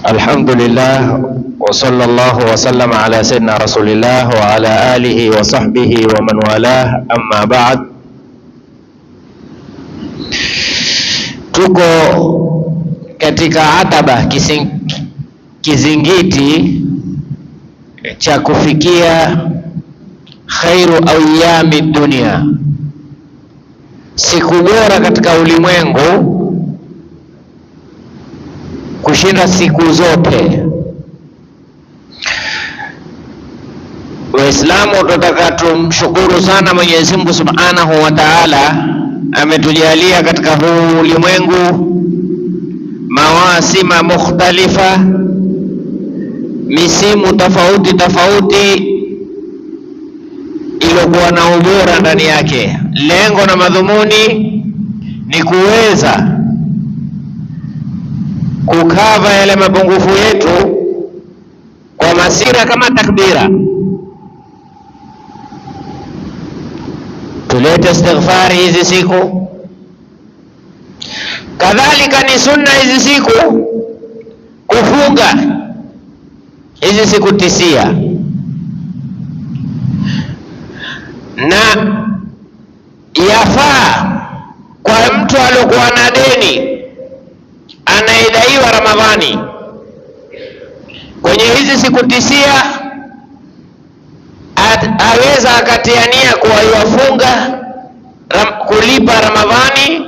Alhamdulillah wa sallallahu wa sallama ala sayyidina Rasulillah wa ala alihi wa sahbihi wa man walah, amma ba'd. Tuko katika ataba kising, kizingiti cha kufikia khairu ayami dunia, siku bora katika ulimwengu kushinda siku zote. Waislamu tunataka tumshukuru sana Mwenyezi Mungu Subhanahu wa Ta'ala, ametujalia katika huu ulimwengu mawasima mukhtalifa, misimu tofauti tofauti iliyokuwa na ubora ndani yake. Lengo na madhumuni ni kuweza kukava yale mapungufu yetu kwa masira kama takbira. Tulete istighfari hizi siku, kadhalika ni sunna hizi siku kufunga hizi siku tisia, na yafaa kwa mtu aliokuwa na deni anayedaiwa Ramadhani kwenye hizi siku tisia aweza akatiania kuwa ram, kulipa Ramadhani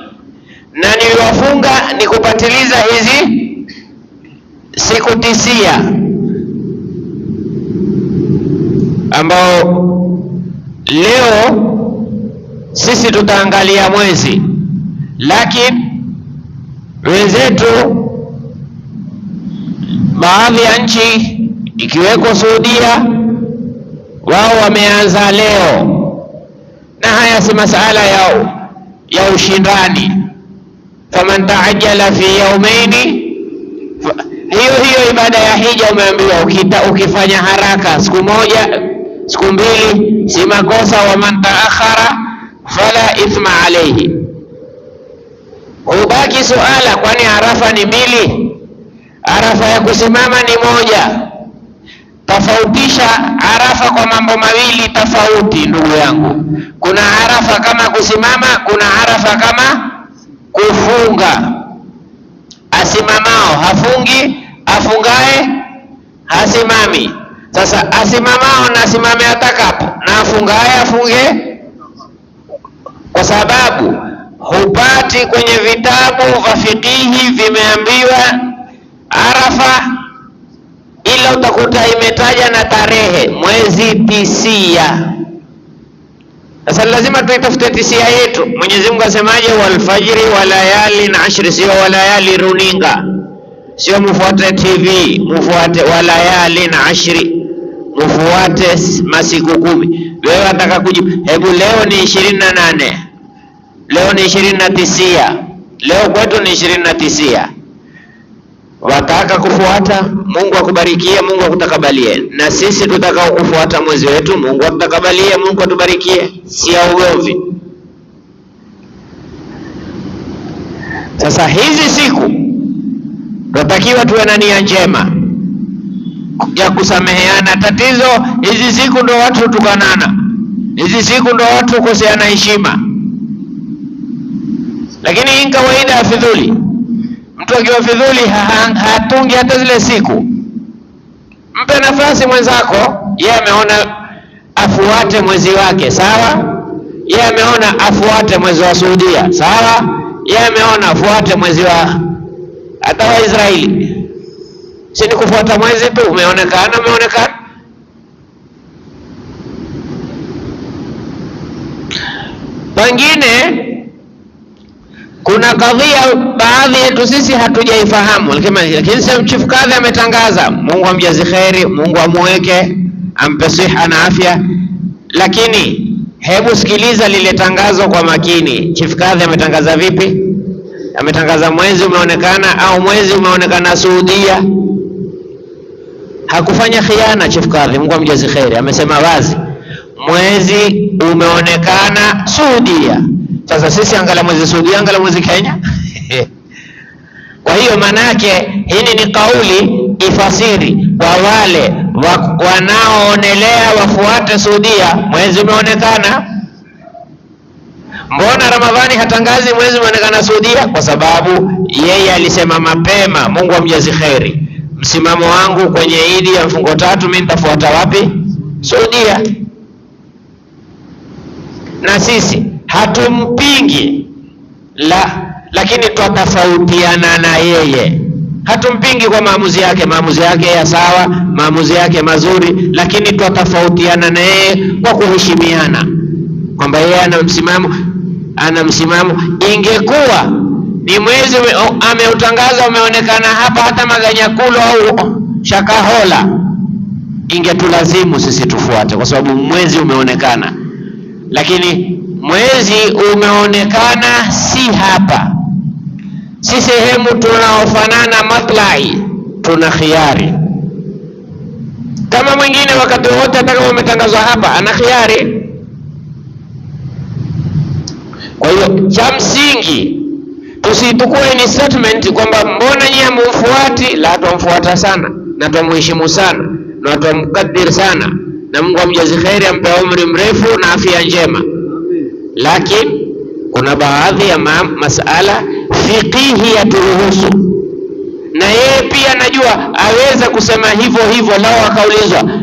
na niwafunga ni kupatiliza hizi siku tisia ambao leo sisi tutaangalia mwezi lakini wenzetu baadhi ya nchi ikiweko Saudia, wao wameanza leo, na haya si masala yao ya ushindani. Faman taajala fi yaumaini, hiyo hiyo ibada ya hija umeambiwa ukita, ukifanya haraka siku moja siku mbili si makosa. Waman taakhara fala ithma alayhi hubaki suala, kwani arafa ni mbili? Arafa ya kusimama ni moja. Tofautisha arafa kwa mambo mawili tofauti, ndugu yangu. Kuna arafa kama kusimama, kuna arafa kama kufunga. Asimamao hafungi, afungae hasimami. Sasa asimamao na asimame atakapo, na afungae afunge, kwa sababu hupati kwenye vitabu vya fikihi vimeambiwa Arafa, ila utakuta imetaja na tarehe, mwezi tisia. Sasa lazima tuitafute tisia yetu. Mwenyezi Mungu asemaje? Walfajri wa layali na ashri, sio wa layali runinga, sio mufuate TV, mfuate wa layali na ashri, mufuate masiku kumi. Wewe wataka kujibu, hebu leo ni ishirini na nane leo ni ishirini na tisia, leo kwetu ni ishirini na tisia. Wataka kufuata, Mungu akubarikie, Mungu akutakabalie. Na sisi tutakao kufuata mwezi wetu, Mungu akutakabalie, Mungu atubarikie, si ya ugomvi. Sasa hizi siku tunatakiwa tuwe na nia njema ya kusameheana. Tatizo hizi siku ndo watu tukanana, hizi siku ndo watu kukoseana heshima lakini hii kawaida ya fidhuli, mtu akiwa fidhuli hatungi hata zile siku. Mpe nafasi mwenzako, yeye ameona afuate mwezi wake, sawa. Yeye ameona afuate mwezi wa Saudia, sawa. Yeye ameona afuate mwezi wa hata wa Israeli, si ni kufuata mwezi tu, umeonekana umeonekana wengine kuna kadhia baadhi yetu sisi hatujaifahamu, lakini sasa chifu kadhi ametangaza. Mungu amjazi kheri, Mungu amuweke ampe siha na afya. Lakini hebu sikiliza lile tangazo kwa makini. Chifu kadhi ametangaza vipi? Ametangaza mwezi umeonekana au mwezi umeonekana Saudia. Hakufanya khiana chifu kadhi, Mungu amjazi kheri, amesema wazi mwezi umeonekana Saudia sasa sisi angala mwezi Saudi, angala mwezi Kenya. Kwa hiyo maana yake hili ni kauli ifasiri kwa wale wanaoonelea wafuate Saudia. Mwezi umeonekana, mbona Ramadhani hatangazi mwezi umeonekana Saudia? Kwa sababu yeye alisema mapema, Mungu amjazi kheri, msimamo wangu kwenye idi ya mfungo tatu, mimi nitafuata wapi? Saudia. Na sisi hatumpingi la, lakini twatofautiana na yeye. Hatumpingi kwa maamuzi yake, maamuzi yake ya sawa, maamuzi yake mazuri, lakini twatofautiana na yeye kwa kuheshimiana, kwamba yeye ana msimamo, ana msimamo. Ingekuwa ni mwezi ameutangaza umeonekana hapa, hata Maganyakulo au Shakahola, ingetulazimu sisi tufuate, kwa sababu mwezi umeonekana, lakini mwezi umeonekana si hapa, si sehemu tunaofanana matlai, tuna khiari kama mwingine. Wakati wote, hata kama umetangazwa hapa, ana khiari. Kwa hiyo cha msingi tusitukue ni statement kwamba mbona nyie hamumfuati. La, twamfuata sana na twamuheshimu sana na twamkadiri sana, na Mungu amjazi kheri, ampe umri mrefu na afya njema lakini kuna baadhi ya masala ya yaturuhusu, na yeye pia anajua aweza kusema hivyo hivyo, lao akaulizwa